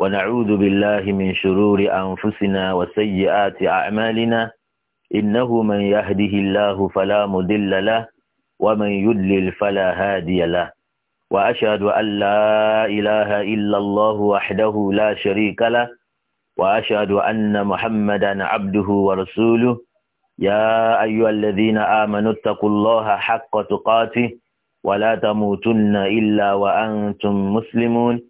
ونعوذ بالله من شرور أنفسنا وسيئات أعمالنا إنه من يهده الله فلا مضل له ومن يضلل فلا هادي له وأشهد أن لا إله إلا الله وحده لا شريك له وأشهد أن محمدا عبده ورسوله يا أيها الذين آمنوا اتقوا الله حق تقاته ولا تموتن إلا وأنتم مسلمون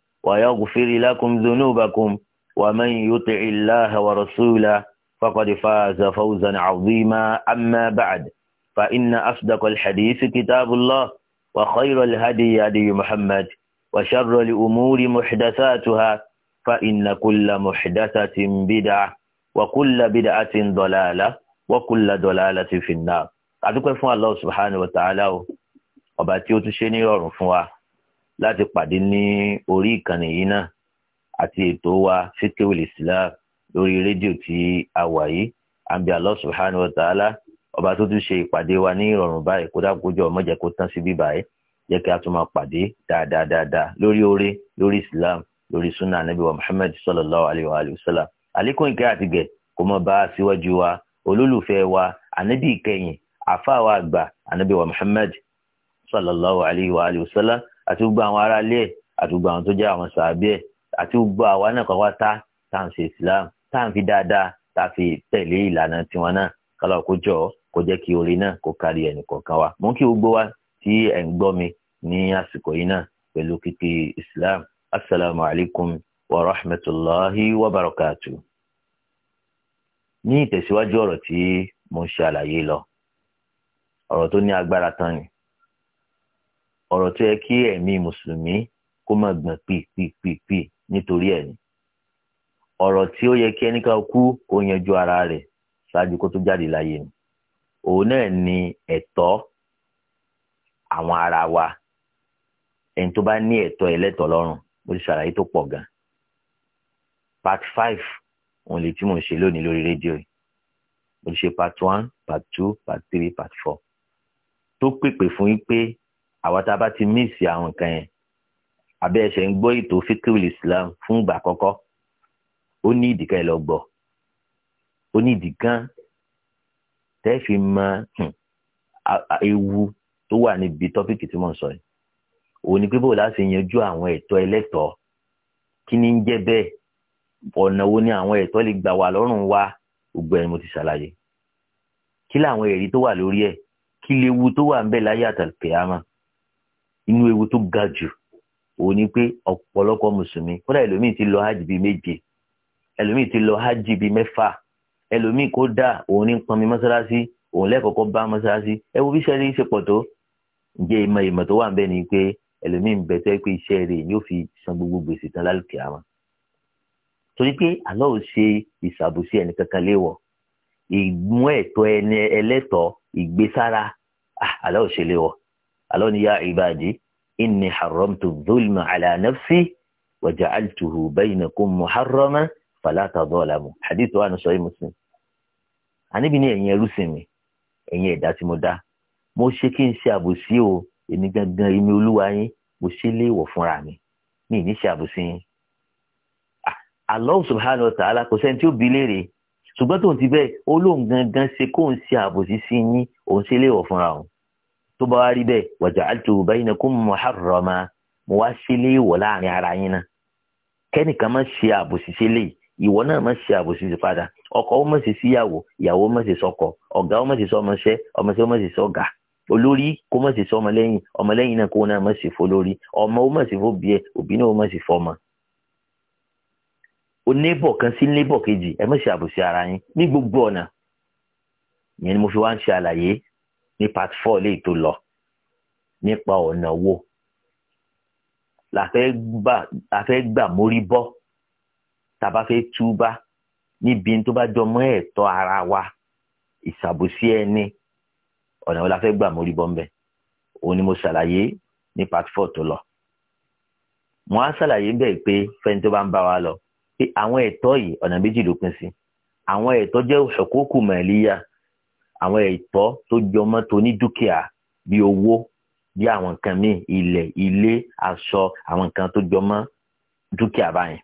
ويغفر لكم ذنوبكم ومن يطع الله ورسوله فقد فاز فوزا عظيما أما بعد فإن أصدق الحديث كتاب الله وخير الهدي هدي محمد وشر الأمور محدثاتها فإن كل محدثة بدعة وكل بدعة ضلالة وكل ضلالة في النار أدوك فون الله سبحانه وتعالى وباتيوت شيني رفوا láti pàdé ní orí ìkànnì yìí náà àti ètò wa fíkéwìlì islam lórí rédíò tí a wà yìí àbí Allah subhanahu wa ta'ala ọba tó tún ṣe ìpàdé wa ní ìrọ̀rùn báyìí kó dákójọ ọmọjẹ kó tán síbí báyìí jẹ́ kí a tún máa pàdé dáadáa dáadáa lórí oore lórí islam lórí sunna anabi wa muhammad sallallahu alayhi wa alayhi wa sallam àlékún ìkẹ́ àtìgẹ̀ kó mọ bá síwájú wa olólùfẹ́ wa anabi ìkẹyìn àfa wa àgbà anabi wa muhammad sallallahu alayhi wa alayhi wa sallam àti gbogbo àwọn ará ilé ẹ̀ àti gbogbo àwọn tó jẹ́ àwọn sàábí ẹ̀ àti gbogbo àwa náà kọ́ wá tá tá à ń ṣe islam tá à ń fi dáadáa tá a fi tẹ̀lé ìlànà tiwọn náà kálọ̀ kó jọ kó jẹ́ kí orin náà kó kárí ẹnì kọ̀ọ̀kan wa mú kí gbogbo wa tí ẹ̀ ń gbọ́ mi ní àsìkò yìí náà pẹ̀lú kíkí islam assalamu wa rahmatulahi wa barakatu. ní ìtẹ̀síwájú ọ̀rọ̀ tí mo ń ṣe àlàyé lọ ọ̀rọ̀ tó ní agbára tán ni ọ̀rọ̀ tó yẹ kí ẹ̀mí mùsùlùmí kó máa gbọ̀n pìpìpìpì nítorí ẹ̀ ni ọ̀rọ̀ tí ó yẹ kí ẹnìkan kú kó yanjú ara rẹ̀ ṣáájú kó tó jáde láyé ni òun náà ni ẹ̀tọ́ àwọn ara wa ẹni tó bá ní ẹ̀tọ́ ẹlẹ́tọ̀ lọ́rùn mo ti ṣàlàyé tó pọ̀ gan part five òun lè tí mò ń ṣe lónìí lórí rédíò yìí mo ti ṣe part one part two part three part four tó pèpè fún yín pé àwa tá a bá ti míìsì àwọn nǹkan yẹn àbẹ́ ẹ̀ṣẹ̀ ń gbọ́ ètò fíkìrìlì islam fún ìgbà àkọ́kọ́ ó ní ìdìkan ẹ̀ lọ gbọ́ ó ní ìdìkan tẹ́ fi mọ hmm, ewu tó wà níbi tọ́pìkì tí mò ń sọ yìí òun ni pé bó láti yanjú àwọn ẹ̀tọ́ ẹlẹ́tọ̀ọ́ kí ni ń jẹ́ bẹ́ẹ̀ ọ̀nà wo ni àwọn ẹ̀tọ́ lè gbà wà lọ́rùn wa gbogbo ẹ̀ mo ti ṣàlàyé kí làwọn ẹ̀rí tó wà lórí ẹ̀ kí léwu tó wà ń bẹ láyé àtàlùkẹ́ àmọ́ inú ewu tó ga jù òun ni pé ọ̀pọ̀lọpọ̀ mùsùlùmí kódà ẹlòmíì ti lọ hajj bíi méje ẹlòmíì ti lọ hajj bíi mẹ́fà ẹlòmíì kó dà òun ní pọnmi mọ́sálásí òun lẹ́kọ̀ọ́kọ́ bá mọ́sálásí ẹ bí iṣẹ́ ṣe pọ̀ tó ǹjẹ́ ìmọ̀ ìmọ̀ tó wà ń bẹ ni pé ẹlòmíì ń bẹ tó yẹ pé iṣẹ́ rẹ̀ yóò fi san gbogbo gbèsè tán lálùkì àwọn torí pé àlọ́ ò ṣe ìṣàbùsí ẹnì kankan léwọ̀ ìmú ẹ̀tọ́ ẹni ẹlẹ́tọ̀ọ́ ìgbésára ah, àlọ́ ò ṣe léwọ̀ alọ́ ni yá ìbàdí inni haramtu dhulma ala nafsi wa ja'altuhu baynakum muharraman fala tadhalamu hadith wa nusọ yìí muslim. àníbi ni ẹ̀yin ẹrú sìn mi ẹ̀yin ẹ̀dá tí mo dá mo ṣe kí n ṣe àbòsí o èmi gangan èmi olúwa yín mo ṣe léèwọ̀ fúnra mi mi ní ṣe àbòsí yín. Ah, Allah subhanahu wa ta'ala kò sẹ́ni tí ó bi léèrè ṣùgbọ́n tóun ti bẹ́ẹ̀ olóhùn gangan ṣe kóun ṣe àbòsí sí yín òun ṣe léèwọ̀ fúnra òun tó bá wá rí bẹ́ẹ̀ wa ja'altuhu bainakum muharrama mo wá sílé ìwọ̀ láàrin ara yín náà kẹ́nìkan má ṣe àbòsí sílé ìwọ náà má ṣe àbòsí sí padà ọkọ ó má ṣe síyàwó ìyàwó má ṣe sọ́kọ ọ̀gá ó má ṣe sọ́mọṣẹ́ ọmọṣẹ́ ó má ṣe sọ́gà olórí kó má ṣe sọ́mọlẹ́yìn ọmọlẹ́yìn náà kó náà má ṣe fọlórí ọmọ ó má ṣe fóbi ẹ òbí náà ó má ṣe fọmọ onébọ̀ kan sí nébọ̀ kejì ẹ má ṣe àbòsí ara yín ní gbogbo ọ̀nà ìyẹn ni mo fi wá ń ṣe àlàyé ní part four lè tó lọ nípa ọ̀nà wo la fẹ́ gbà la fẹ́ gbà mórí bọ́ tàbá fẹ́ túbá níbi tó bá jọmọ ẹ̀tọ́ ara wa ìṣàbòsí ẹni ọ̀nà wo la fẹ́ gbà mórí bọ́ ńbẹ òun ni mo ṣàlàyé ní part four tó lọ mo á ṣàlàyé ń bẹ̀ pé fẹ́ni tó bá ń bá wa lọ pé àwọn ẹ̀tọ́ yìí ọ̀nà méjì ló pín sí àwọn ẹ̀tọ́ jẹ́ ṣọ̀kókù mẹ̀líyà àwọn ẹ̀tọ́ tó jọmọ́ tó ní dúkìá bí owó bí àwọn nǹkan míì ilẹ̀ ilé aṣọ àwọn nǹkan tó jọmọ́ dúkìá báyẹn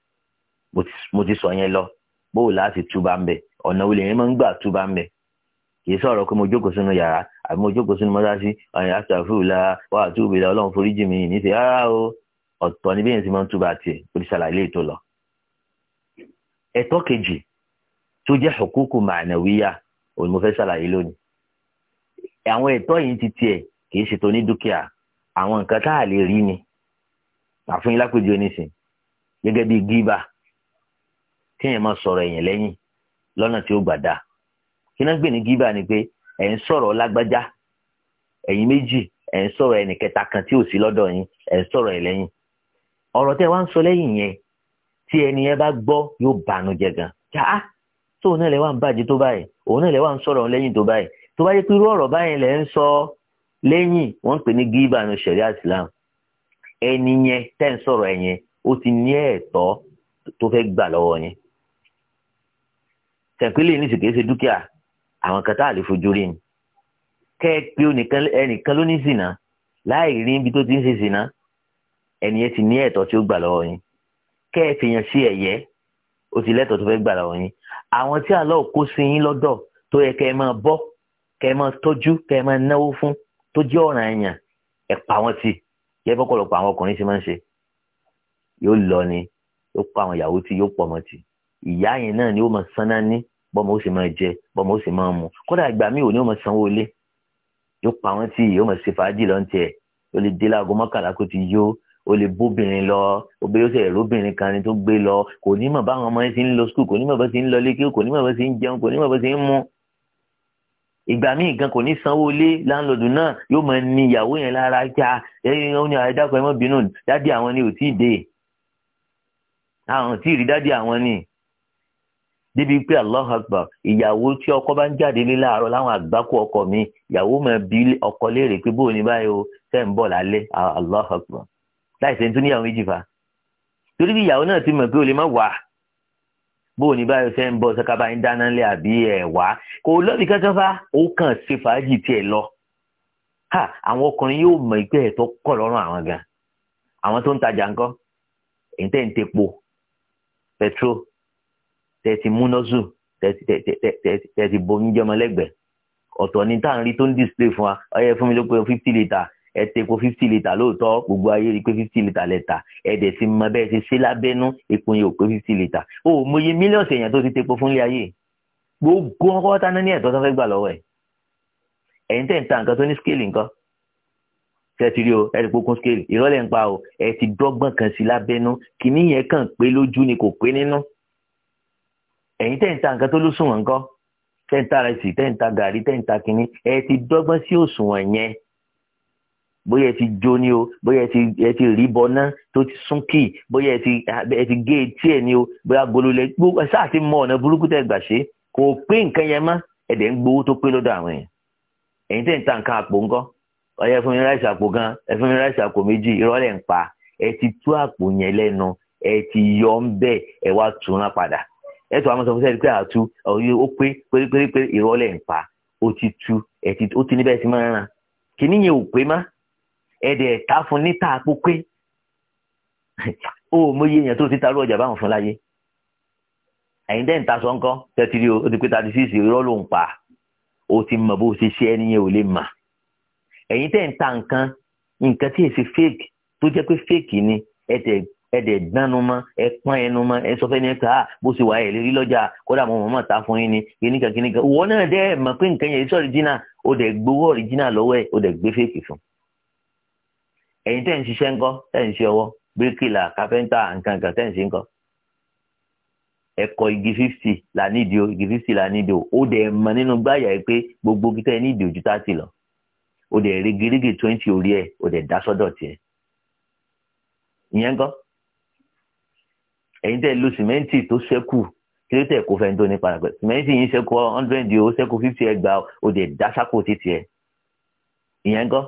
mo ti sọ yẹn lọ bóò láti túbà ń bẹ ọ̀nà olè yẹn máa ń gbà túbà ń bẹ kìí sọ̀rọ̀ pé mo jókòó sínú yàrá àbí mo jókòó sínú mọ́sáàsì ọ̀yìn àtàfúrúlà wà á túbìlà ọlọ́run foríjì mi níṣẹ́ rárá o ọ̀tọ̀ níbí yẹn ti máa ń túbà tiẹ̀ ó ti ṣàlàyé ètò lọ. ẹ̀tọ́ kejì tó jẹ́ hukuku ma'nawiyya òun mo fẹ́ ṣàlàyé lónìí àwọn ẹ̀tọ́ yìí ti tiẹ̀ kì í ṣe tó ní dúkìá àwọn nǹkan tá a lè rí ni àfún yín lápèjọ nísìn gẹ́gẹ́ bíi gíbà kéèyàn máa sọ̀rọ̀ èèyàn lẹ́yìn lọ́nà tí ó gbà dáa kí náà gbè ní gíbà ni pé ẹ̀ ń sọ̀rọ̀ lágbájá ẹ̀yin méjì ẹ̀ ń sọ̀rọ̀ ẹnì kẹta kan tí ò sí lọ́dọ̀ yín ẹ̀ ń sọ̀rọ̀ ẹ̀ lẹ́yìn ọ̀rọ̀ tẹ́ wá ń sọ lẹ́yìn yẹn tí ẹni yẹn bá gbọ́ yóò bànújẹ́ gan kí tóun náà lè wá ń bàjẹ́ tó báyìí òun náà lẹ́wà ń sọ̀rọ̀ lẹ́yìn tó báyìí tó bá yẹ pé irú ọ̀rọ̀ báyìí lẹ́ ń sọ lẹ́yìn wọ́n ń pè ní gíbà ní sẹ̀ríà islam ẹni yẹn tẹ́ ń sọ̀rọ̀ ẹ̀ yẹn ó ti ní ẹ̀tọ́ tó fẹ́ gbà lọ́wọ́ yẹn tẹ̀pẹ́lẹ̀ ní sì kìí ṣe dúkìá àwọn kan tá à lè fojú rí ni kẹ́ ẹ pé ẹnìkan ló ní zìnà láì rí ibi tó ti ń ṣe zìnà ẹni yẹn ti ní ẹ̀tọ́ tí gbà lọ́wọ́ yẹn kẹ́ ẹ sí ẹ̀yẹ́ ó ti lẹ́tọ̀ọ́ tó fẹ́ gbà lọ́wọ́ yẹn àwọn tí àlọ́ kó sí yín lọ́dọ̀ tó yẹ kẹ́ ẹ máa bọ́ kẹ́ ẹ máa tọ́jú kẹ́ ẹ máa náwó fún tó jẹ́ ọ̀ràn ẹ̀yàn ẹ̀ pa wọ́n tì yẹ fọ́pọ̀lọpọ̀ àwọn ọkùnrin ṣe máa ń ṣe yóò lọ ni yóò pa àwọn ìyàwó tí yóò pọ̀ mọ́ tì ìyá yẹn náà ni ó máa san náà ní bọ́mọ ó sì máa jẹ bọ́mọ ó sì máa mu kódà ìgbà míì ò ní ó máa sanwó ilé yóò pa wọ́n tì yóò máa ṣe fàájì lọ́ntẹ̀ ó lè dé láago mọ́kànlá kó ti yó o lè bóbìnrin lọ obìnrin ó sì róbìnrin kan ni tó gbé lọ kò ní mọ̀ báwọn ọmọ yẹn ti ń lọ skul kò ní mọ̀ bá ti ń lọ lékè kò ní mọ̀ bá ti ń jẹun kò ní mọ̀ bá ti ń mu ìgbà míì gan kò ní sanwó lé láńlọ́dún náà yóò máa ní ìyàwó yẹn lára já ẹyìn ó ní àìdákọ̀ ẹ bínú dádì àwọn ni ò tí ì dé àwọn ò tí ì rí dádì àwọn ni débi pé Allahu Akbar ìyàwó tí ọkọ bá ń jáde lé láàárọ̀ láwọn àgbákò ọkọ mi ìyàwó máa bi ọkọ léèrè pé bóò ní báyìí o tẹ́ ń bọ̀ lálẹ́ Allahu Akbar láìsẹ tó níyàwó méjì fa torí bí ìyàwó náà ti mọ̀ pé o lè má wà bó o ní báyọ̀ ṣe ń bọ̀ sọ́kábà ń dáná lé àbí ẹ̀ wá kò lọ́ọ̀bì kankan fa ó kàn ṣe fàájì tiẹ̀ lọ ha àwọn ọkùnrin yóò mọ̀ ìpẹ́ ẹ̀ tó kọ̀ lọ́rùn àwọn gan àwọn tó ń tajà ńkọ́ èyí ń tepo petro tẹ̀sí múnọ́sù tẹ̀sí bomi jọmọlẹ́gbẹ̀ẹ́ ọ̀tọ̀ ni tá à ń rí tó ń display fún wa ọyẹ fún mi ló pé fifty litre ẹ tepo fifty litre lóòótọ́ gbogbo ayé rí pé fifty litre lẹ́ta ẹ̀dẹ̀ sì mọ bẹ́ẹ̀ ṣe ṣe lábẹ́nú epo yẹn ò pé fifty litre o ò mọye mílíọ̀nù èèyàn tó ti tepo fún ilé ayé gbogbo wọn kọ́kọ́ tán ní ẹ̀tọ́ tó fẹ́ gbà lọ́wọ́ ẹ̀ ẹ̀yin tẹ̀ ń ta nǹkan tó ní scale nǹkan tẹ́tìrí o ẹ̀ kókó scale ìrọ́lẹ̀ ń pa o ẹ̀ ti dọ́gbọ́n kan sí lábẹ́nú kìíní yẹn kàn pé lójú ni kò pé nínú ẹ̀yin tẹ̀ ń ta nǹkan tó lóṣùwọ̀n nǹkan tẹ́ ń ta rẹsì tẹ́ ń ta gàrí tẹ́ ń ta kínní ẹ ti dọ́gbọ́n sí òṣùwọ̀n yẹn bóyá ẹ ti jó ni o bóyá ẹ ti ẹ ti rí bọná tó ti sún kì bóyá ẹ ti ẹ ti gé etí ẹ ni o bóyá gololẹ gbogbo ẹ sáà ti mọ ọ̀nà burúkú tẹ gbà ṣe kò pé nǹkan yẹn mọ́ ẹ̀dẹ̀ ń gbowó tó pé lọ́dọ̀ àwọn yẹn ẹ̀yin tẹ̀ ń ta nǹkan àpò ńkọ́ ọ̀yẹ́ fún mi ráìsì àpò gan ẹ fún mi ráìsì àpò méjì ìrọ̀lẹ́ ń pa ẹ ti tú àpò yẹn lẹ́nu ẹ ti yọ ń bẹ́ ẹ wá túnra padà ẹ tó àwọn sọ fún pa ó ti tú ó ti níbẹ̀ sí máa ń ràn ò pé má ẹ̀dẹ̀ ta fún níta pópé ó mọ iye èèyàn tó ti tarú ọjà báwọn fún láyé ẹ̀yin dẹ́n ta sọ ńkọ́ tẹ́tí rí o ó ti pé thirty six irọ́ ló ń pa ó ti mọ̀ bó ṣe ṣe ẹni yẹn ò lè mà ẹ̀yin tẹ́ ta nǹkan nǹkan tí èsì fake tó jẹ́ pé fake ni ẹ̀dẹ̀ ẹ̀dẹ̀ gbánu mọ́ ẹ pọ́n ẹnu mọ́ ẹ sọ fẹ́ ní ká bó ṣe wà ẹ̀ lérí lọ́jà kódà mo mọ̀ mọ̀ ta fún yín ni kíníkan kíníkan wọ́n náà dẹ́ mọ̀ pé nǹkan yẹn sọ̀rọ̀ jìnnà dẹ̀ gbowó ọ̀rìjìnnà lọ́wọ́ ẹ̀ ó dẹ̀ gbé fake fún ẹ̀yin tẹ́ ń ṣiṣẹ́ ńkọ́ tẹ́ ń ṣe ọwọ́ bíríkìlà káfẹ́ńtà nǹkankan tẹ́ ń ṣe ńkọ́ ẹ̀kọ́ igi fifty là nídìí o igi fifty là nídìí o ó dẹ̀ mọ nínú gbáyà pé gbogbo kíkẹ́ nídìí ojú táàtì lọ ó dẹ̀ rígirígi twenty orí ẹ̀ ó dẹ̀ dá sọ́dọ̀ tiẹ̀ ìyẹn ńkọ́ ẹ̀yin tẹ́ lo sìmẹ́ǹtì tó ṣẹ́kù kí ló tẹ̀ kó fẹ́ tó ní padà pẹ̀ sìmẹ́ǹtì yìí ṣẹ́kù hundred o ṣẹ́kù fifty ẹgbàá o dẹ̀ dá sákò títì ẹ̀ ìyẹn ńkọ́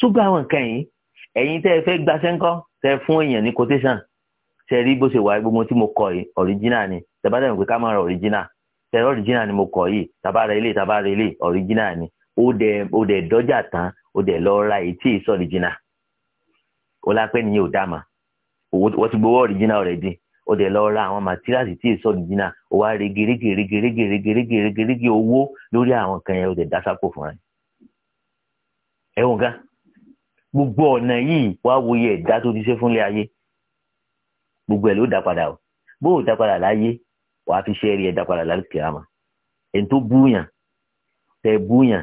ṣùgbọ́n àwọn nǹkan yìí ẹ̀yin tẹ́ ẹ fẹ́ gbaṣẹ́ ńkọ́ tẹ́ fún èèyàn ní quotation ṣe rí bó ṣe wà gbogbo tí mo kọ yìí original ni tàbá dẹ̀ pé ká máa ra original tẹ̀rọ original ni mo kọ yìí tàbá ra ilé tàbá ra ilé original ni ó dẹ̀ ó dẹ̀ dọ́jà tán ó dẹ̀ lọ ra èyí tí èso original ó lápẹ́ nìyẹn ò dá mà wọ́n ti gbowó original rẹ̀ dín ó dẹ̀ lọ ra àwọn materials tí èso original ó wá regeregeregeregeregeregerege owó gbogbo ọ̀nà yìí wá wòye ẹ̀dá tó ti ṣe fúnlé ayé gbogbo ẹ̀ ló dá padà o bó o dá padà láyé wà á fi ṣe eré ẹ̀dá padà láti kìlámà ẹni tó búyàn tẹ búyàn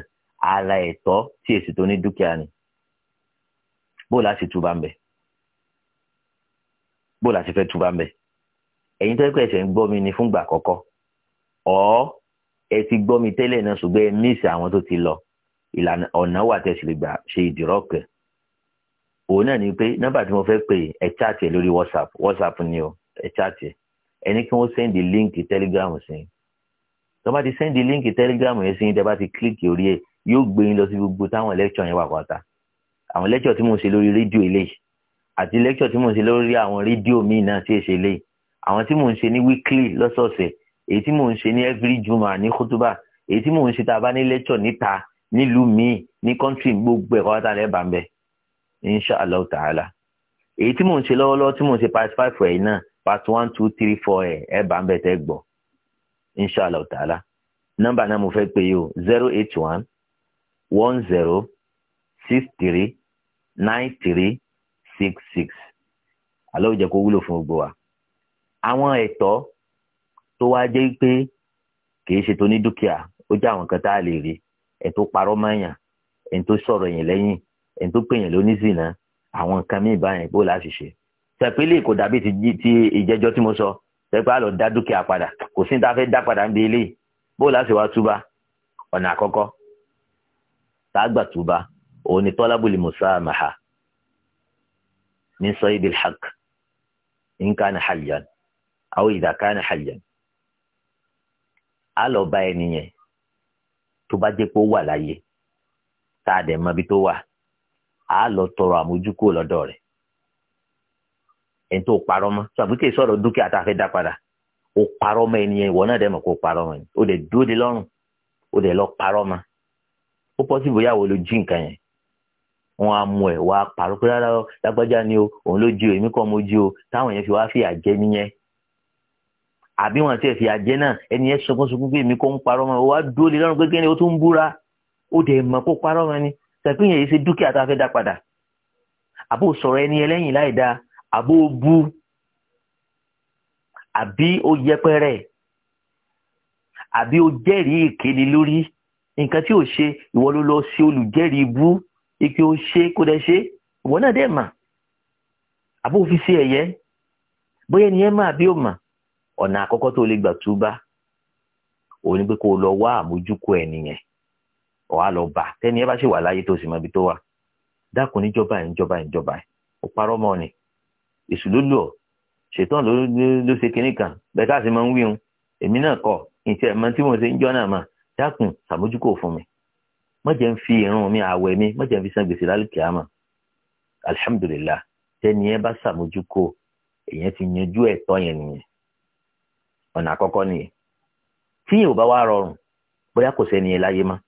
ara ẹ̀tọ́ tí èsì tó ní dúkìá ni bó o láti túbà ń bẹ̀ bó o láti fẹ́ túbà ń bẹ̀ ẹ̀yin tó ẹ̀kọ́ ẹ̀sẹ̀ ń gbọ́ mi ni fúngbà àkọ́kọ́ ọ̀ ẹ ti gbọ́ mi tẹ́lẹ̀ náà ṣùgbọ́n ẹ míìsì àwọn tó ti lọ ìlànà ọ̀nà wà tẹ̀sílẹ̀ gbà ṣe ìdìrọ́kẹ̀ òun náà ni pé nọ́mbà tí mo fẹ́ pè ẹ chat ẹ lórí whatsapp whatsapp ni o ẹ chaatì ẹ ẹ ní kí wọ́n sẹ́ndì líǹkì telegram sí i tó bá ti sẹ́ndì líǹkì telegram yẹn sí i tẹ́ bá ti kílíkì orí ẹ yóò gbé yín lọ sí gbogbo táwọn lẹ́kṣọ̀ yẹn wà pátá àwọn lẹ́kṣọ̀ tí mo ń ṣe lórí rédíò eléyìí àti lẹ́kṣọ̀ tí mo ń ṣe lórí àwọn rédíò míì náà tí èṣe eléyìí àwọn tí mo ń ṣe ní weekly lọ́sọ̀ọ̀sẹ̀ èyí tí mo ń ṣe ní every juma ní kutuba. èyí tí mo ń ṣe tá a bá ní lẹ́kṣọ̀ níta nílùú míì ní kọ́ńtì gbogbo ẹ̀kọ́ látàlẹ́ bàmbẹ́ Inshallah, allah ta'ala èyí tí mò ń ṣe lọ́wọ́lọ́wọ́ tí mò ń ṣe part five ẹ̀ náà part one two three four ẹ̀ ẹ̀ bá ń bẹ̀ tẹ́ gbọ́ insha allah ta'ala nọ́mbà náà mo fẹ́ pè yìí o zero eight one one zero six three nine three six six àlọ́ ìjẹ́ kó wúlò fún gbogbo wa àwọn ẹ̀tọ́ tó wá jẹ́ pé kìí ṣe tó ní dúkìá ó jẹ́ àwọn kan tá a lè rí ẹ̀ tó parọ́ mọ́yàn ẹ̀ tó sọ̀rọ̀ yẹn lẹ́yìn ẹni tó pèèyàn ló ní zina àwọn nǹkan míì báyẹn bó la fi ṣe tẹpẹlẹ kò dàbí ti ìjẹjọ tí mo sọ tẹpẹ àlọ dá dúkìá padà kò sí ní ta fẹ́ dá padà ń bi eléyìí bó la ṣe wá túbà ọ̀nà àkọ́kọ́ tá a gbà túbà òun ni tọ́lábùlì musamaha ní sọ ibi hàk nǹkan hàlìyàn àwọn ìdàkan hàlìyàn á lọ bá ẹni yẹn tó bá jẹ́ pé ó wà láyé tá a dẹ̀ mọ ibi tó wà á lọ tọrọ àmójúkò lọ́dọ̀ rẹ̀ ẹni tó parọ́ mọ́ sọ àbíkè sọ̀rọ̀ dúkìá tá a fẹ́ dá padà ó parọ́ mọ́ ẹni yẹn ìwọ náà dẹ̀ mọ̀ kó parọ́ mọ́ ẹni ó dẹ̀ dúró de lọ́rùn ó dẹ̀ lọ parọ́ mọ́ ó pọ́sí bóyá wo ló jí nǹkan yẹn wọ́n á mú ẹ̀ wá parọ́ pé rárá lágbájá ni o òun ló jí o èmi kọ́ mo jí o táwọn yẹn fi wá fìyà jẹ nìyẹn àbí wọn tiẹ̀ fìyà jẹ náà ẹni yẹn sunkún sunkún pé èmi kọ́ ń parọ́ mọ́ ẹ wá dúró de lọ́rùn pé ni ó tún búra ó dẹ̀ mọ̀ kó parọ́ mọ́ ẹni sẹ̀pín yẹn ṣe dúkìá tá a fẹ́ dá padà àbò sọ̀rọ̀ ẹni ẹlẹ́yìn láì dáa àbò bu àbí ó yẹpẹrẹ àbí ó jẹ́rìí ìkéde lórí nǹkan tí ò ṣe ìwọ ló lọ sí olùjẹ́rìí bú ike ó ṣe kó dẹ ṣe ìwọ náà dẹ̀ mà àbó fi ṣe ẹ̀yẹ bóyá ẹni yẹn mà àbí ò mà ọ̀nà àkọ́kọ́ tó lè gbà túbá òun ni pé kó o lọ wá àmójúkó ẹni yẹn ọ̀hà lọ bà tẹ́ni ẹ bá ṣe wà láyé tó sì mọ ibi tó wà dákun níjọba ẹ̀ níjọba ẹ̀ níjọba ẹ̀ ò parọ́ mọ́ ni èṣù ló lù ọ́ ṣètàn ló ló ṣe kinní kan bẹ́ẹ̀ káàsì máa ń wíhun èmi náà kọ̀ ìtẹ́ ẹ̀ mọ tí mo ṣe ń jọ́ náà mà dákun sàmójúkò fún mi má jẹ́ ń fi irun mi àwẹ̀ mi má jẹ́ ń fi san gbèsè lálùkì àmà alihamudulilayi tẹ́ni ẹ bá sàmójúkò èèyàn ti yanjú ẹ̀tọ́ yẹn nìyẹn ọ̀nà àkọ́kọ́ nìyẹn tí yóò bá wá rọrùn bóyá kò sẹ́ni láyé máa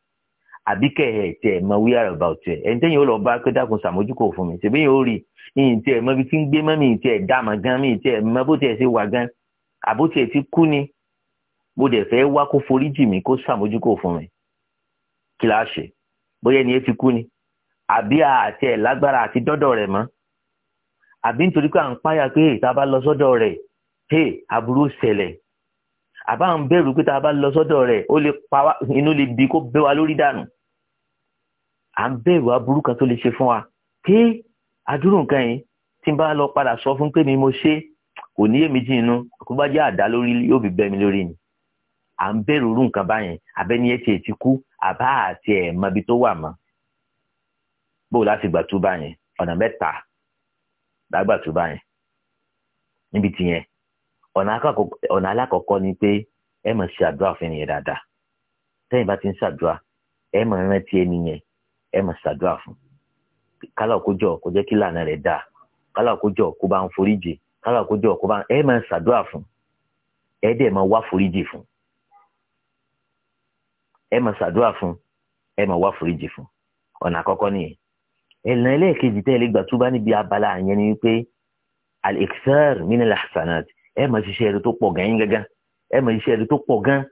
àbí kẹ ẹ tẹ mọ we are about ẹ ẹni tẹyìn ó lọ bá pé dákun sàmójúkò fún mi ṣèbí yìí ó rí ìyìn tẹ mọ ibi tí ń gbé mọ mi ìyìn tẹ dáàmà gan mi ìyìn tẹ mọ bó tẹ ṣe wà gan àbó tẹ ti kú ni mo dẹ̀ fẹ́ wá kó forí jì mí kó sàmójúkò fún mi kí la ṣe bóyá ẹni ẹ ti kú ni àbí àti ẹ lágbára àti dọdọ rẹ mọ àbí nítorí pé à ń páyà pé ìta bá lọ sọ́dọ̀ rẹ hey aburú ṣẹlẹ̀ àbá ń bẹ̀rù pé tá a bá lọ sọ́dọ̀ rẹ ó lè pa inú lè bí kó bẹ́ wa lórí dànù à ń bẹ̀rù aburú kan tó lè ṣe fún wa pé àdúrò nǹkan yìí tí n bá lọ padà sọ fún pé mi mo ṣe kò ní èmi jìn inú kó bá jẹ́ àdá lórí yóò fi bẹ́ mi lórí ni à ń bẹ̀rù irú nǹkan báyẹn abẹ́ni ẹ̀ tiẹ̀ ti kú àbá àti ẹ̀ mọbi tó wà mọ́ bó láti gbà báyẹn ọ̀nà mẹ́ta lágbà tú báyẹn níbi tìyẹn ọ̀nà alákọ̀ọ́kọ́ ni pé ẹ máa ṣe àdúrà fún ẹnìyẹn dáadáa tẹ́yìn bá ti ń ṣàdúrà ẹ máa rántí ẹnìyẹn ẹ mà ṣàdúrà fún kálá òkójọ kó jẹ́ kí lànà rẹ̀ dáa kálá òkójọ kó bá ń foríjì kálá òkójọ kó bá ń ẹ ṣàdúrà fún ẹ dẹ̀ wá foríjì fún ẹ ṣàdúrà fún ẹ wá foríjì fún ọ̀nà àkọ́kọ́ nìyẹn ẹlẹ́ẹ̀kejì abala àyẹn ni wípé al-iksar mini al-hasanat ẹ ṣiṣẹ́ rẹ tó pọ̀ gan yín gángan ṣiṣẹ́ gan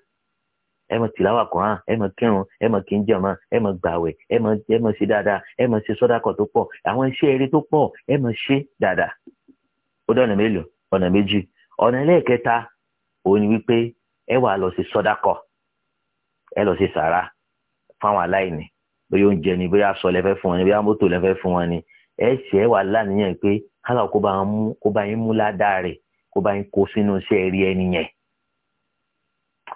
ẹ máa tìláwà kọ́ran ẹ máa kírun ẹ máa kí ń jẹ̀mọ́ ẹ máa gbàwẹ̀ ẹ máa ẹ máa ṣe dáadáa ẹ máa ṣe sọ́dákọ̀ tó pọ̀ àwọn iṣẹ́ eré tó pọ̀ ẹ máa ṣe dáadáa. ó dọ̀nà mélòó ọ̀nà méjì ọ̀nà ẹlẹ́ẹ̀kẹta òun ni wípé ẹ wà lọ sí sọ́dákọ̀ ẹ lọ sí sàrà fáwọn aláìní bóyá oúnjẹ ni bóyá aṣọ lẹ́fẹ́ fún wọn ni bóyá mọ́tò lẹ́fẹ́ fún wọn ni ẹ ṣe ẹ wà láníyàn pé kálá kó bá yín mú ládàá rẹ̀ kó bá yín kó sínú iṣẹ́ eré ẹni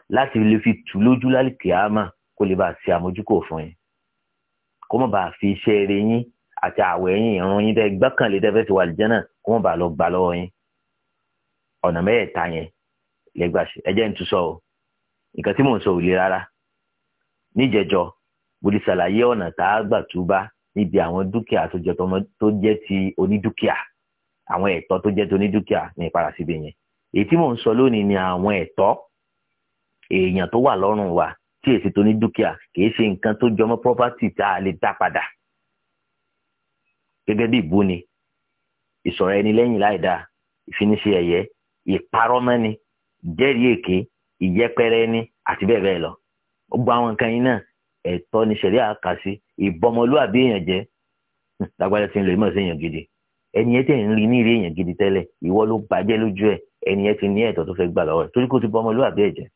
láti lè fi tù lójú lálùkì àmà kó lè bá a ṣe àmójúkò fún yín kó má bàa fi iṣẹ́ eré yín àti àwẹ̀ yín ìrun yín tẹ́ gbọ́kànlé tẹ́fẹ́ ti wà lìjẹ́ náà kó má bàa lọ gbà lọ́wọ́ yín ọ̀nà mẹ́ẹ̀ẹ́ta yẹn lẹ́gbàṣẹ́ ẹ jẹ́ ń tún sọ o nǹkan tí mò ń sọ ò le rárá níjẹjọ mo lè ṣàlàyé ọ̀nà tá a gbà túbá níbi àwọn dúkìá tó jẹ tó jẹ́ ti onídúkìá àwọn ẹ̀tọ́ tó jẹ́ ti onídúkìá ní ìpadà yẹn èyí tí mò ń sọ lónìí ni àwọn ẹ̀tọ́ èèyàn tó wà lọ́rùn wa tí èsì tó ní dúkìá kìí ṣe nǹkan tó jọmọ́ property tá a lè dá padà gẹ́gẹ́ bí ìbúni ìsọ̀rọ̀ ẹni lẹ́yìn láìdáa ìfiniṣe ẹ̀yẹ ìparọ́mọ́ni jẹ́rìí èké ìyẹpẹrẹ ẹni àti bẹ́ẹ̀ bẹ́ẹ̀ lọ gbogbo àwọn nǹkan yìí náà ẹ̀tọ́ ni ṣẹ̀rí àkàsí ìbọmọlúwàbí èèyàn jẹ́ lágbára ti ń lò ìmọ̀ sí èèyàn gidi ẹni yẹn tẹ̀ ń rí ní ìrí èèyàn gidi tẹ́lẹ̀ ìwọ ló bàjẹ́ lójú ẹ̀ ẹni yẹn ti ní ẹ̀tọ́ tó fẹ́ gbà lọ́wọ́ ẹ̀ torí kó ti bọmọlúwàbí ẹ̀ jẹ́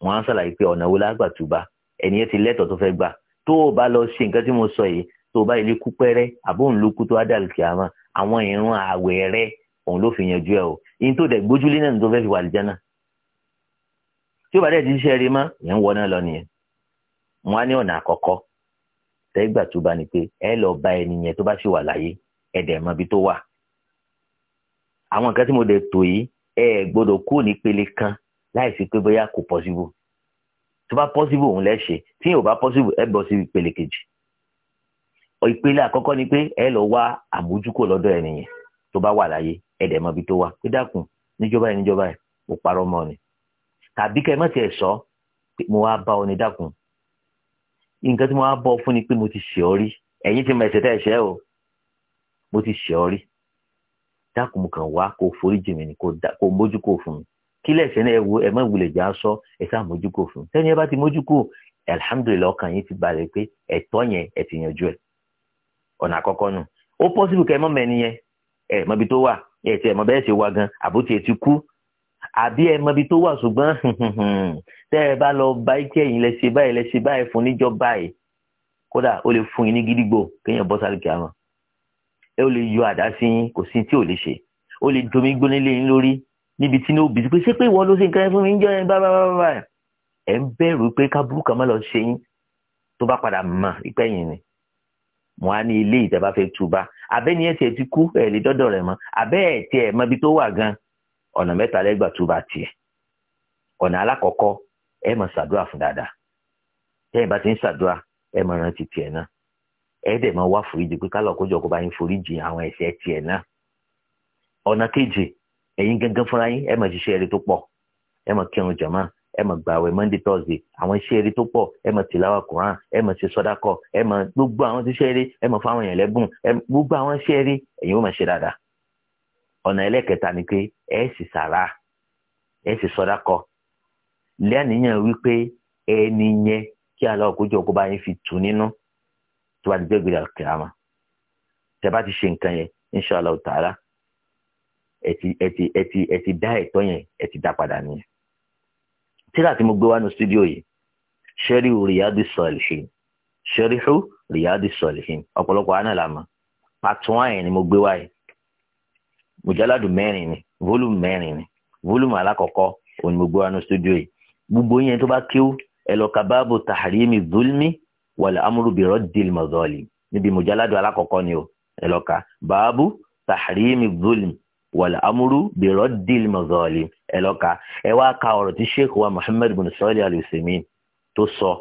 wọn á ṣàlàyé pé ọ̀nà wo lágbà túbá ẹni yẹn ti lẹ́tọ̀ọ́ tó fẹ́ gbà tó o bá lọ ṣe nǹkan tí mo sọ yìí tó o bá ilé kú pẹ́rẹ́ àbóhùn ló kú tó ádàlù kìámà àwọn ìrun ààwẹ̀ rẹ òun ló fi yanjú ẹ o yín tó dẹ̀ gbójúlé náà tó fẹ́ fi wà lìjánà tí o bá dẹ̀ ti ṣe rí mọ́ yẹn ń wọ náà lọ nìyẹn wọn á ní ọ̀nà àkọ́kọ́ tẹ́gbà tó pé ẹ lọ bá ẹni yẹn tó bá ṣì wà láyé ẹ dẹ̀ mọ ibi tó wà àwọn nǹkan tí mo dẹ̀ tò yìí ẹ gbọ́dọ̀ kú ní pele kan láì sí pé bóyá kò pọ́síbù tó bá pọ́síbù òun lẹ́ ṣe tí yóò bá pọ́síbù ẹ bọ́ sí ìpele kejì ìpele àkọ́kọ́ ni pé ẹ lọ wá àmójúkò lọ́dọ̀ ẹnìyẹn tó bá wà láyé ẹ dẹ̀ tó wà pé dákun níjọba yìí níjọba yìí mo parọ́ mọ́ ni tàbí kẹ́ mọ̀ tiẹ̀ sọ pé mo wá bá ọ ní dákun nǹkan tí mo wá bọ́ fún ni pé mo ti ṣe ọ rí ẹ̀yin ti mọ ẹ̀ṣẹ̀ tẹ́ ẹ̀ṣẹ̀ o mo ti ṣe ọ rí dákun mo kàn wá kó foríjì mi ni kó mójúkò fún mi kílẹ̀ ẹ̀ṣẹ̀ náà ẹ wo ẹ má wulẹ̀ jà sọ ẹ sá mójúkò fún un tẹ́ni ẹ bá ti mójúkò alihamudulilayi ọkàn yín ti balẹ̀ pé ẹ̀tọ́ yẹn ẹ ti yanjú ẹ̀ ọ̀nà àkọ́kọ́ nù ó pọ́sibú kẹ́ ẹ mọ́ mẹ́ni yẹn ẹ mọbi tó wà ẹ ti ẹ mọ bẹ́ẹ̀ ṣe wá gan àbótí ẹ ti kú àbí ẹ mọbi tó wà ṣùgbọ́n tẹ́ ẹ bá lọ bá ikẹ́ yìí lẹ báyìí lẹ báyìí fún níjọ́ báyìí kódà ó lè fún yín ní gídígbò kéèyàn bọ́ sálùkì àmọ́ ẹ ó lè yọ àdá kò sí tí ò lè ṣe ó lè domi gbónílé yín lórí níbi tí ní ó bìí pé ṣé pé ìwọ ló ṣe nǹkan fún mi ń jọ yẹn bá bá bá bá ẹ ń bẹ̀rù pé kábúrú kan má lọ ṣe yín tó bá padà mọ̀ ìpẹ́ yìí ni mo á ní ilé ìjọba fẹ́ túbá abẹ́ ni ẹ̀ tiẹ̀ ti kú ẹ̀ lè dọ́dọ̀ rẹ̀ mọ́ abẹ́ ẹ̀ tiẹ̀ mọ ibi tó wà gan ọ̀nà mẹ́ta lẹ́gbà túbá tiẹ̀ ọ̀nà alákọ̀ọ́kọ́ ẹ máa ṣàdúrà fún dáadáa tẹ́yìn bá ti ń ṣàdúrà ẹ ẹ̀yin gángan fúnra yín ẹ máa ṣiṣẹ́ eré tó pọ̀ ẹ máa kírun jàmá ẹ máa gbààwẹ̀ monday thursday àwọn iṣẹ́ eré tó pọ̀ ẹ máa tìláwà quran ẹ máa ṣe sọdákọ ẹ máa gbogbo àwọn iṣẹ́ eré ẹ máa fáwọn èèyàn lẹ́bùn gbogbo àwọn iṣẹ́ eré ẹ̀yin ó máa ṣe dáadáa ọ̀nà ẹlẹ́kẹta ni pé ẹ sì sàrà ẹ sì sọdákọ lẹ́nìyàn wípé ẹni yẹn kí aláwọ̀ kójú ọkọ̀ bá yín fi tù nínú tó bá ti gbẹ́gbẹ́ àkàrà wọn tẹ bá ti ṣe nǹkan yẹn inṣàlá ta'ala ẹ ti ẹ ti ẹ ti ẹ ti dá ẹ̀tọ́ yẹn ẹ ti dá padà nìyẹn. tíra tí mo gbé wá nu stúdíò yìí ṣẹ́ríhù riyadu sọ̀lìhìn ṣẹ́ríhù riyadu sọ̀lìhìn ọ̀pọ̀lọpọ̀ àná là mọ̀ pàtó àyìn ni mo gbé wá yìí mùjáládù mẹ́rin ni volume mẹ́rin ni volume alákọ̀ọ́kọ́ òun ni mo gbé wá nu stúdíò yìí gbogbo yẹn tó bá kéwú ẹ lọ ka báàbò tàhárìmì zulmi wàlẹ̀ amúrúbìrọ̀ dìl mọ̀zọ́ọ̀lì níbi mùjáládù alákọ̀ọ́kọ́ ni o ẹ lọ ka báàbù tàhárìmì zulmi wàlẹ̀ amúrú bẹ̀rọ dìlì mọ̀gàlì ẹ lọ́ka ẹ wá ka ọ̀rọ̀ tí sheikh wa muhammed bin sọ́ọ́lì alùsèmí tó sọ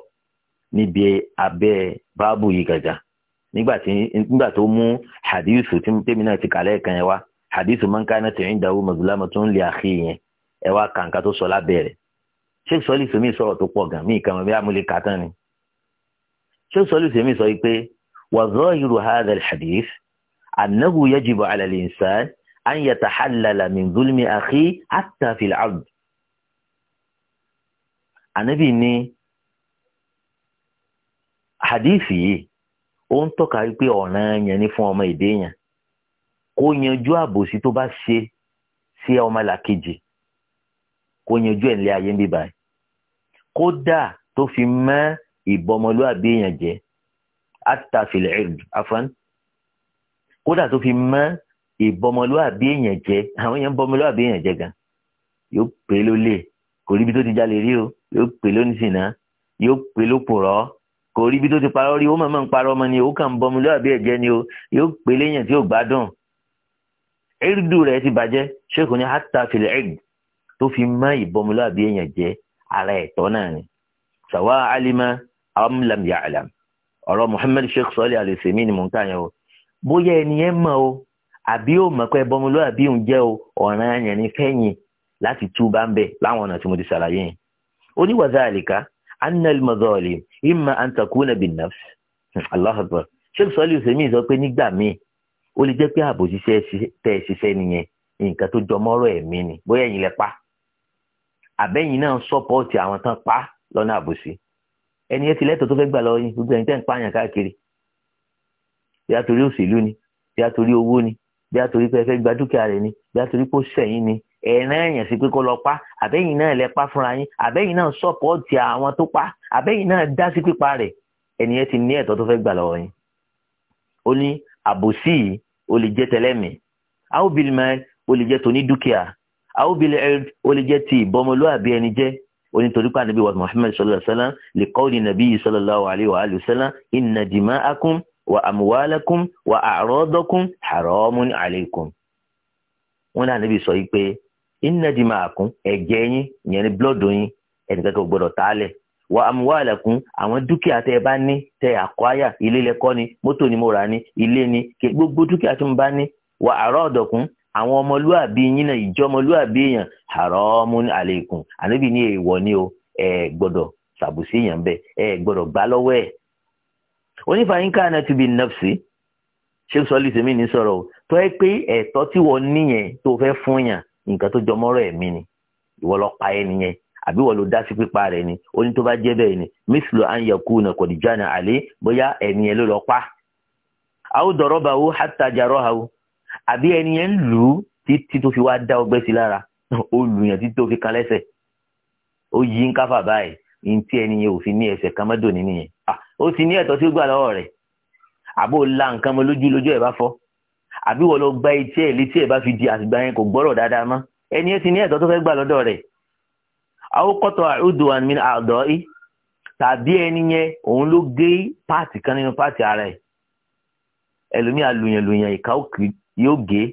níbi abẹ́ báàbù yìí gàjà nígbà tó mú hadithu tí tèmi náà ti kàlẹ́ kan yẹn wá hadithu man kanat indahu mazlamatun li akhi yẹn ẹ wá ka nǹkan tó sọ lábẹ́ rẹ̀ sheikh sọ́ọ́lì sèmi sọ̀rọ̀ tó pọ̀ gan mí kàn bí an yatahallala min zulmi akhi hatta fil ard ànábì ní hadithi yìí ó ń tọ́ka wípé ọ̀ràn yẹn ní fún ọmọ èdè yẹn kó yanjú àbòsí tó bá ṣe sí ọmọlàkejì kó yanjú ẹ̀ ń lé ayé ń bíbá tó fi mọ́ ìbọmọlúàbí èèyàn jẹ́ àtàfilẹ̀ ẹ̀rù afán kódà tó fi mọ́ ìbọmọlúwàbí èèyàn jẹ àwọn èèyàn bọmọlúwàbí èèyàn jẹ gan yóò pè lólè kò ríbi tó ti jalè rí o yóò pè lónìsìnà yóò pè lópùrọ́ kò ríbi tó ti parọ́ rí o màmá ń parọ́ ọmọ ni o kàn ń bọmọlúwàbí ẹ jẹ ni o yóò pè léèyàn tí ò gbádùn ẹrúdù rẹ ti bàjẹ́ ṣéèkù ni hata fìlẹ ẹg tó fi mọ ìbọmọlúwàbí èèyàn jẹ ara ẹ̀tọ́ náà ni sàwa alima am lam ya'lam ọ̀rọ̀ Sheikh Salih Al-Uthaymeen ni mò ń kà yẹn o bóyá ẹni yẹn mọ̀ o àbí ò mọ̀ pé bọ́mọlúwà bí òun jẹ́ o ọ̀ràn ayàn ní kẹ́yìn láti tú bá ń bẹ̀ láwọn ọ̀nà tí mo ti ṣàlàyé yẹn. ó àlìká anna al imma antakuna takuna bin-nafs hmm, Allahu akbar sheikh sọ́lì ṣèmí sọ pé nígbà míì ó lè jẹ́ pé ààbò ṣiṣẹ́ tẹ́ ẹ ṣiṣẹ́ nìyẹn nǹkan tó jọ mọ́rọ̀ ẹ̀mí ni bóyá ẹ̀yin lẹ pa àbẹ́yìn náà sọ́pọ́ọ̀tì àwọn tán pa lọ́nà àbòsí ẹni yẹn ti lẹ́tọ̀ọ́ tó fẹ́ gbà lọ́wọ́ gbogbo ẹ̀yin tẹ́ ń pààyàn káàkiri bí a torí òṣèlú ni bí a torí owó ni bí a torí pé ẹ fẹ́ gba dúkìá rẹ̀ ni bí a torí pé ó sẹ̀yìn ni ẹ̀ẹ́nà èèyàn sí pé kó lọ pa àbẹ́yìn náà lẹ pa fúnra yín àbẹ́yìn náà sọ́pọ̀ọ̀tì àwọn tó pa àbẹ́yìn náà dá sí pípa rẹ̀ ẹnìyẹn ti ní ẹ̀tọ́ tó fẹ́ gbà lọ́wọ́ yín. ó ní àbòsí yìí ó lè jẹ́ tẹlẹ́mì àwòbílmẹ ó lè jẹ́ tóní dúkìá àwòbílẹ ó lè jẹ́ ti ìbọmọlúwàbí ẹni jẹ́ onítorí pé ànábì wa Muhammad sallallahu alayhi wa sallam lè kọ́ wa amwalakum wa a'radakum haramun alaykum wọn náà níbi sọ yìí pé inna dima'akum ẹ̀jẹ̀ yín ìyẹn ní búlọ́ọ̀dù yín ẹnìkan kò gbọdọ̀ tààlẹ̀ wa amwalakum àwọn dúkìá tẹ ẹ bá ní tẹ àkọ́yà ilé lẹ́kọ́ ni mọ́tò ni mo rà ní ilé ni gbogbo dúkìá tí mo bá ní wa a'radakum àwọn ọmọlúàbí yín náà ìjọ ọmọlúàbí èèyàn haramun alaykum àníbi ní ni o ẹ gbọdọ̀ ṣàbùsí èèyàn ẹ Gbọdọ gbá onífàyínká náà ti bí nọ́ọ̀sì ṣé sọ́ọ́lì tèmi ní sọ̀rọ̀ o tọ́ ẹ pé ẹ̀tọ́ tí wọ́n níyẹn tó fẹ́ fún yàn nǹkan tó jọmọ́rọ̀ ẹ̀mí ni ìwọ lọ pa ẹ nìyẹn àbí wọ́n ló dá sí pípa rẹ̀ ni ó ní tó bá jẹ́ bẹ́ẹ̀ ni mísìlò ànyẹ̀kú nà kò dìjà nà àlẹ́ bóyá ẹ̀mí yẹn ló lọ pa. àwọn dọ̀rọ̀ bá wo hàtàjàrọ̀ ha o àbí ẹni yẹn ń lù ú títí tó fi wá dá ọgbẹ́ sí lára ó lù yàn títí tó fi kan lẹ́sẹ̀ ó yí ń káfà báyìí ní tí ẹni yẹn ò fi ní ẹsẹ̀ kan nínú yẹn ó ti ní ẹ̀tọ́ tí ó gbà lọ́wọ́ rẹ̀ àbó la nǹkan mọ lójú lójú ẹ̀ bá fọ́ àbí wọ́n lọ gba etí ẹ̀ létí ẹ̀ bá fi di àtìgbà yẹn kò gbọ́rọ̀ dáadáa mọ́ ẹni ẹ ti ní ẹ̀tọ́ tó fẹ́ gbà lọ́dọ̀ rẹ̀ àwòkọ́tọ̀ àrùdò àmì àdọ́ yìí tàbí ẹni yẹn òun ló gé páàtì kan nínú páàtì ara ẹ̀ ẹlòmíà lùyànlùyàn ìka òkè yóò gé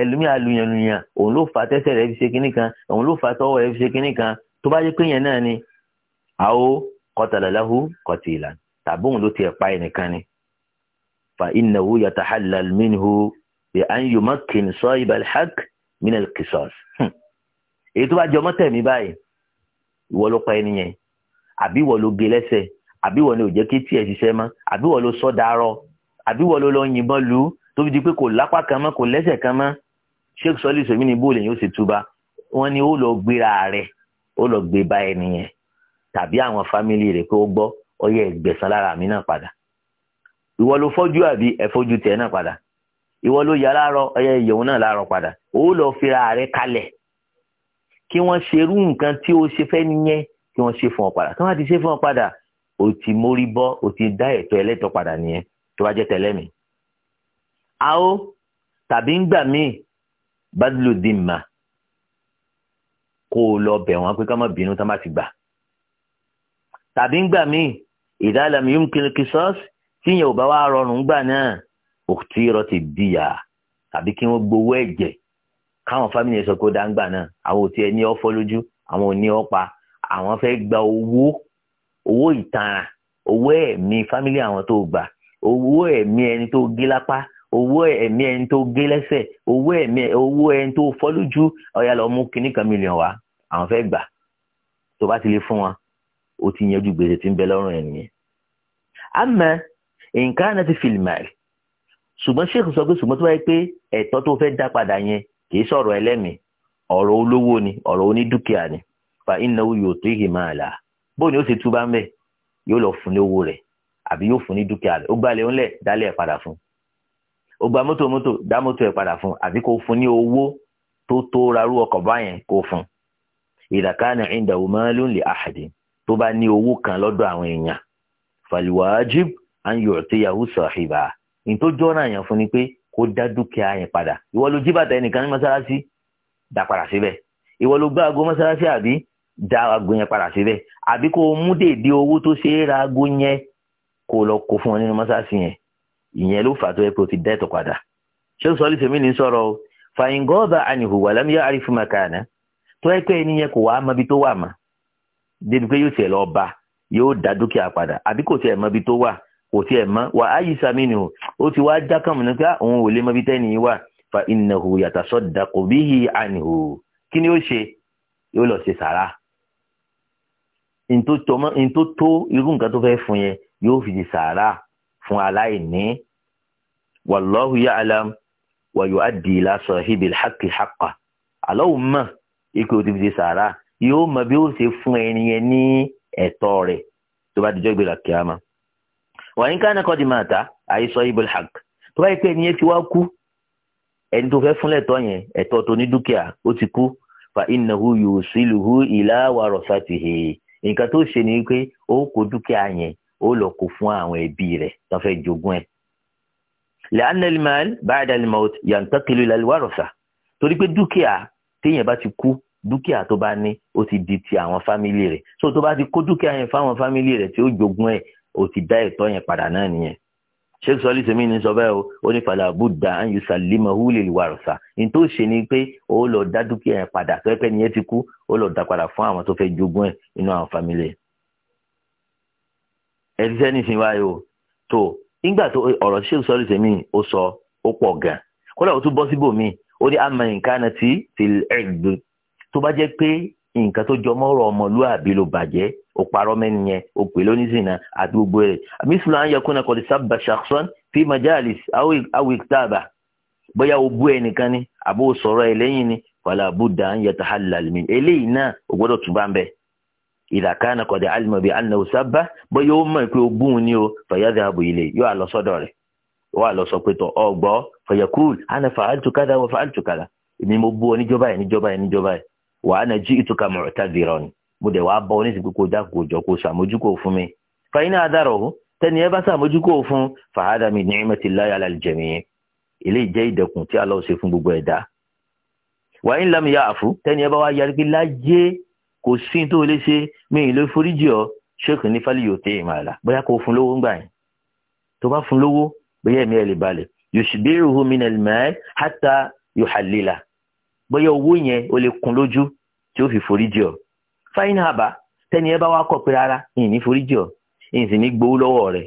ẹlòmíà lùyànlùyàn òun ló fa tẹ́sẹ̀ rẹ̀ fi ṣe kinní kan òun ló fa tọwọ́ rẹ̀ fi ṣe kinní kan tó bá yẹ pé yẹn náà ni àwòkọ́tàlẹ́láhù kọ́tì ìlànà tàbóun ló tiẹ̀ pa ẹnìkan ni fa innahu yatahallal minhu bi an yumakkin sahib al-haq min al-qisas hmm. èyí tó bá jọmọ́ tẹ̀mí báyìí ìwọ ló pa ẹni yẹn àbí ìwọ ló gé lẹ́sẹ̀ àbí ìwọ ni ò jẹ́ kí tiẹ̀ ṣiṣẹ́ mọ́ àbí ìwọ ló sọ dárọ́ àbí ìwọ ló lọ yìnbọn lù tó fi di pé kò lápá kan mọ́ kò lẹ́sẹ̀ kan mọ́ sheikh sọlí sọmi ni bóòlù yẹn ó túba wọ́n ní ó lọ gbéra rẹ̀ ó lọ gbé bá ẹni yẹn tàbí àwọn fámìlì rẹ̀ pé ó gbọ́ ọyẹ ẹgbẹ̀sán lára mi náà padà ìwọ ló fọ́jú àbí ẹ̀fọ́jú tẹ̀ náà padà ìwọ ló yà láàárọ̀ ọyẹ ìyẹ̀wò náà láàárọ̀ padà ó lọ fira rẹ kalẹ̀ kí wọ́n ṣerú nǹkan tí ó ṣe fẹ́ nìyẹn kí wọ́n ṣe fún ọ padà tí wọ́n ti ṣe fún ọ padà o ti mórí bọ́ o ti dá ẹ̀tọ́ ẹlẹ́tọ́ padà nìyẹn tó bá jẹ́ tẹ̀lẹ́mì. a tàbí ń míì bádùlù di mà kó o lọ bẹ̀ wọ́n pé ká má bínú tá má ti gbà tàbí ń míì ìdálẹ́mi yóò kiri kìsọ́ọ̀sì tí yẹn ò bá wá rọrùn gbà náà òtí irọ́ ti dìyà tàbí kí wọ́n gbowó ẹ̀jẹ̀ káwọn fámìlì sọ pé ó dáńgbà náà àwọn ò tiẹ̀ ní ọ fọ́ lójú àwọn ò ní ọ pa àwọn fẹ́ gba owó owó ìtanràn owó ẹ̀mí fámìlì àwọn tó gbà owó ẹ̀mí ẹni tó gé lápá owó ẹ̀mí ẹni tó gé lẹ́sẹ̀ owó ẹ̀mí owó ẹni tó fọ́ lójú ọ̀yà lọ mú mílíọ̀n wá àwọn fẹ́ gbà tó bá ti lè fún wọn ó ti yanjú gbèsè tí ń bẹ lọ́rùn ẹ̀ nìyẹn. àmọ́ nǹkan náà ti fìlìmà rẹ̀ ṣùgbọ́n sheikh sọ pé ṣùgbọ́n tó bá yẹ pé ẹ̀tọ́ tó fẹ́ dá padà yẹn kì í sọ̀rọ̀ ẹlẹ́mìí ọ̀rọ̀ olówó ni ọ̀rọ̀ onídúkìá ni fa ìnáwó yóò tó ìhì máa là bó ni ó ṣe túbá ń bẹ̀ yóò lọ fún owó rẹ̀ àbí yóò fún ní dúkìá rẹ̀ ó gbalẹ̀ ńlẹ̀ dálẹ̀ ẹ̀ padà fún ó gba mọ́tò mọ́tò dá mọ́tò ẹ̀ padà fún àbí kó fún ní owó tó tó rarú ọkọ̀ báyẹn kó fún ìdàkánà ìdàwó máa ló lè àhàdín tó bá ní owó kan lọ́dọ̀ àwọn èèyàn faliwajib an yu'tiyahu sahiba nítorí jọ́nà yẹn fún ni pé kó dá dúkìá yẹn padà ìwọ ló jí bàtà ẹnìkan ní mọ́sálásí dá padà síbẹ̀ ìwọ ló gbá aago mọ́sálásí àbí dá aago yẹn padà síbẹ̀ àbí kó o mú dèédé owó tó ṣe é ra aago yẹn kó o lọ kó fún ọ nínú mọ́sálásí yẹn ìyẹn ló fà tó yẹ pé o ti dẹ́tọ̀ padà ṣé sọ́ọ́lì tèmi ní sọ̀rọ̀ o fàyìngọ́ọ̀bà ànihùwà lámìyá àrífùmákàánà tó yẹ pé ẹni yẹn kò wá mọbi tó wà mọ́ débi pé yóò tiẹ̀ lọ bá yóò dá dúkìá padà àbí kò tiẹ̀ mọ ibi tó wà kò tiẹ̀ mọ wà á yí sami ni o ó ti wá já kàn mí ní pé ah, òun ò lè mọ ibi tẹ́ni wà fa innahu yatasaddaqu bihi anhu kí ni ó ṣe yóò lọ ṣe sàrà ntó tó irú nǹkan tó fẹ́ fún yẹn yóò fi sàrà fún aláìní wallahu ya'lam wa yu'addi ila sahibil haqqi haqqa àlọ́ ikú o ti fi sàrà yóò mọ bí ó ṣe fún ẹni yẹn ní ẹ̀tọ́ rẹ̀ tó bá dijọ́ gbéra kíámà wàá yín káná kọ́dí máa ta àìsọ ibùdó hàk tó bá yẹ pé ẹni yẹn ti wá kú ẹni tó fẹ́ fúnlẹ̀ tọ́ yẹn ẹ̀tọ́ tó ní dúkìá ó ti kú fa innahu yusiluhu ila warasatihi nǹkan tó ṣe ni pé ó kó dúkìá yẹn ó lọ kó fún àwọn ẹbí rẹ̀ tó fẹ́ jogún ẹ̀ lẹ́ánà limal ba'da al-maut yantaqilu ila al-warasa torí pé dúkìá téèyàn bá ti kú dúkìá tó bá ní ó ti di ti àwọn fámìlì rẹ̀ so tó bá ti kó dúkìá yẹn fáwọn fámìlì rẹ̀ tí ó jogún ẹ̀ ó ti dá ẹ̀tọ́ yẹn padà náà nìyẹn sheikh sọlí sèmi ni sọ bẹ́ẹ̀ o ó ní padà buddha an yusalimahu lil warasa ní tó ṣe ni pé ó lọ dá dúkìá yẹn padà pẹ́pẹ́ nìyẹn ti kú ó lọ dá padà fún àwọn tó fẹ́ jogún ẹ̀ inú àwọn fámìlì ẹ̀ ti sẹ́ni sin wáyé o tó nígbà tó ọ̀rọ̀ sheikh sọlí sèmi ó sọ ó pọ̀ gan kódà ó tún bọ́ síbò míì ó ní ama nǹkan ti fil ird tó bá jẹ́ pé nǹkan tó jọ mọ́rọ̀ ọmọlúwàbí ló bàjẹ́ ó parọ́ mẹ́ni yẹn ó pè lónìsìnà àti gbogbo rẹ̀ mísùlùmí ayọ̀kùnà kọ̀dí sábà ṣàkóso fi majalis awik tààbà bóyá o bú ẹnìkan ni àbó o sọ̀rọ̀ ẹ lẹ́yìn ni wàlá buddha ń yẹta halal mi eléyìí náà o gbọ́dọ̀ tún bá ń bẹ̀ ìlàkánà kọ̀dí alimọ̀bí anahu sábà bóyá o mọ̀ pé o bú un ni o fàyàdà àbò ilé yóò lọ sọ́dọ̀ rẹ̀ wà lọ sọ pé tọ̀ ọgbọ́ fàyàkúl àná fàáltùkádà wọ fàáltùkádà èmi mo bú ọ níjọba yìí níjọba yìí wàá nà jí ìtúkà mu'tadiran ni mo dẹ̀ wàá bọ́ ọ nísìkú kó dákòó jọ kó sàmójúkò fún mi fàyínà adáròhún tẹ́ni ẹ bá sàmójúkò fún fàhádà mi ni'matillahi ala al-jami' eléyìí jẹ́ ìdẹ̀kùn tí Allah ṣe fún gbogbo ẹ̀dá wàá ń lam ya'fu tẹ́ni ẹ bá wá yarí pé lájẹ́ kò sí tó lè ṣe mi ìlú foríjì ọ ṣéèkì ní fáliyò tẹ ìmàlà bóyá owó yẹn o lè kún lójú tí ó fi foríjì ọ fáyín àbá tẹni ẹ bá wá kọ̀ pé rárá ìyìn ní foríjì ọ ìyìn sì ní gbowó lọ́wọ́ rẹ̀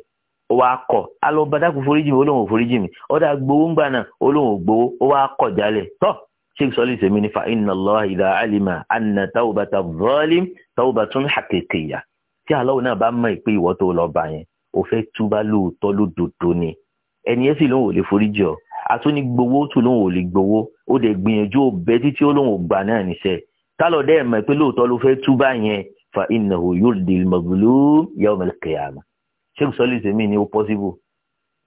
ó wá kọ̀ alọ bàdàkùn foríjì mi olóhùn foríjì mi ọdà gbowó ń gbà olóhùn gbowó ó wá kọ̀ jálẹ̀ tọ sheikh sọlí sèmi ní fa Allah idha alima anna tawbata zalim tawbatun haqiqiyya tí aláwo náà bá mọ̀ ìpè ìwọ tó lọ bá yẹn ò fẹ́ túbá lóòótọ́ lódodo ni ẹni ẹ sì lóhùn ò lè foríjì ọ atúnigbowó tún lóhùn ò lè gbowó ó dẹ̀ gbìyànjú òbẹ títí ó ò gbà náà níṣẹ́ tálọ̀ dẹ́ mọ̀ pé lóòótọ́ ló fẹ́ túbà yẹn fa innahu yurdil mazlum yawm al-qiyamah sheikh sọ́lí sèmi ni ó pọ́síbù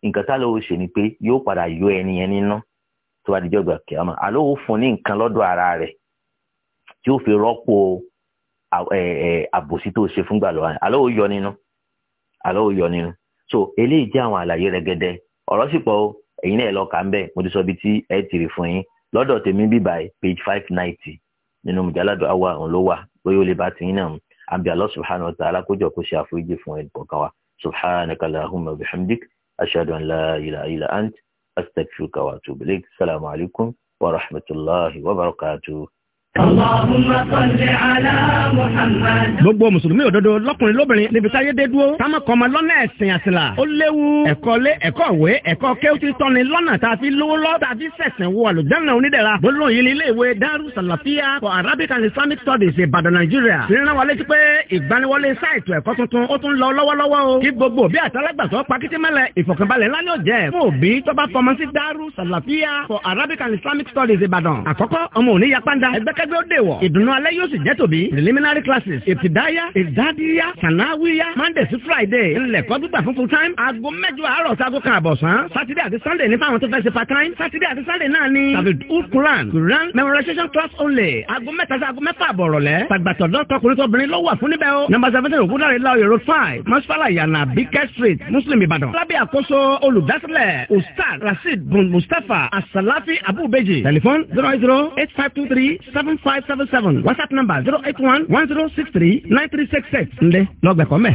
nǹkan tálọ̀ ó ṣe ni pé yóò padà yọ ẹni yẹn nínú tó bá dijọ́ gbà kìámà àlọ́ ó fún ní nǹkan lọ́dọ̀ ara rẹ̀ tí ó fi rọ́pò àbòsí tó ṣe fúngbà lọ́wọ́ àlọ́ ó yọ nínú àlọ́ ó yọ nínú so eléyìí jẹ́ àwọn àlàyé rẹ̀gẹ̀dẹ̀ ọ̀rọ̀ sì pọ̀ ẹ̀yin náà lọ́ọ́ kà ń bẹ̀ mo ti sọ ibi tí ẹ ti fún yín lọ́dọ̀ tèmi bíbáyìí page five ninety nínú mùjáládù àwa òun ló wà bóyá ó lè bá tiyín náà àbí Allah subhanahu wa ta'ala kójọ kó ṣe àforíjì fún ẹnì wa subhanaka allahumma wa bihamdik ashhadu an la ilaha ant astaghfiruka wa atubu ilayk wa rahmatullahi wa barakatuh gbogbo mùsùlùmí òdodo lọ́kùnrin lóbìnrin níbi táyé dé dúró táwọn kan máa lọ́nà ẹ̀sìn àsìlà ó léwu ẹ̀kọ́ lé ẹ̀kọ́ ìwé ẹ̀kọ́ kéwùtì tọ́ni lọ́nà tá a fi lówó lọ́ tá a fi sẹ̀sìn wo àlùjáná onídẹ̀ra gbólóhùn yìí ní ilé ìwé Daru Salafia for Arabic and Islamic Studies Ìbàdàn Nàìjíríà ìrìnà wọlé ti pé ìgbaniwọlé sáìtù ẹ̀kọ́ tuntun ó tún lọ lọ́wọ́lọ́wọ́ o kí gbogbo bí àtàlágbàtọ́ pakitimẹ́lẹ̀ ìfọ̀kànbalẹ̀ ńlá ni ó jẹ́ fún òbí tó bá fọmọ sí for Arabic and Islamic Studies Ìbàdàn àkọ́kọ́ ọmọ òní yapanda ẹgbẹ́k kẹgbẹ́ ó dè wọ̀. ìdùnnú alẹ́ yóò sì jẹ́ tòbí. preliminary classes ìtìdáyà ìdádíyà sànáwíyà monday sí friday ńlẹ̀kọ́ gbígbà fún full time. aago mẹ́jọ àárọ̀ sago kan àbọ̀sán. saturday àti sunday ní fáwọn tó fẹ́ ṣe part time. saturday àti sunday náà ni. tàbí old quran memorization class only. aago mẹ́ta sí aago mẹ́fà àbọ̀rọ̀lẹ́. tàgbàtọ̀dọ̀ tọkùnrin tóbìnrin ló wà fún níbẹ̀ o. number seventeen ògúndàrí láòyè road five mọ́sálà yànnà bíkẹ́ street muslim ìbàdàn. lábẹ́ àkóso olùdásílẹ̀ ustaz rasheed bun mustapha asalafi abubeji. tẹlifon zero eight zero eight five two three seven 7577 WhatsApp number zero eight one one zero six three nine three six six. 1063 9366 ǹdẹ́ lọ́gbẹ̀kọ́ mẹ́.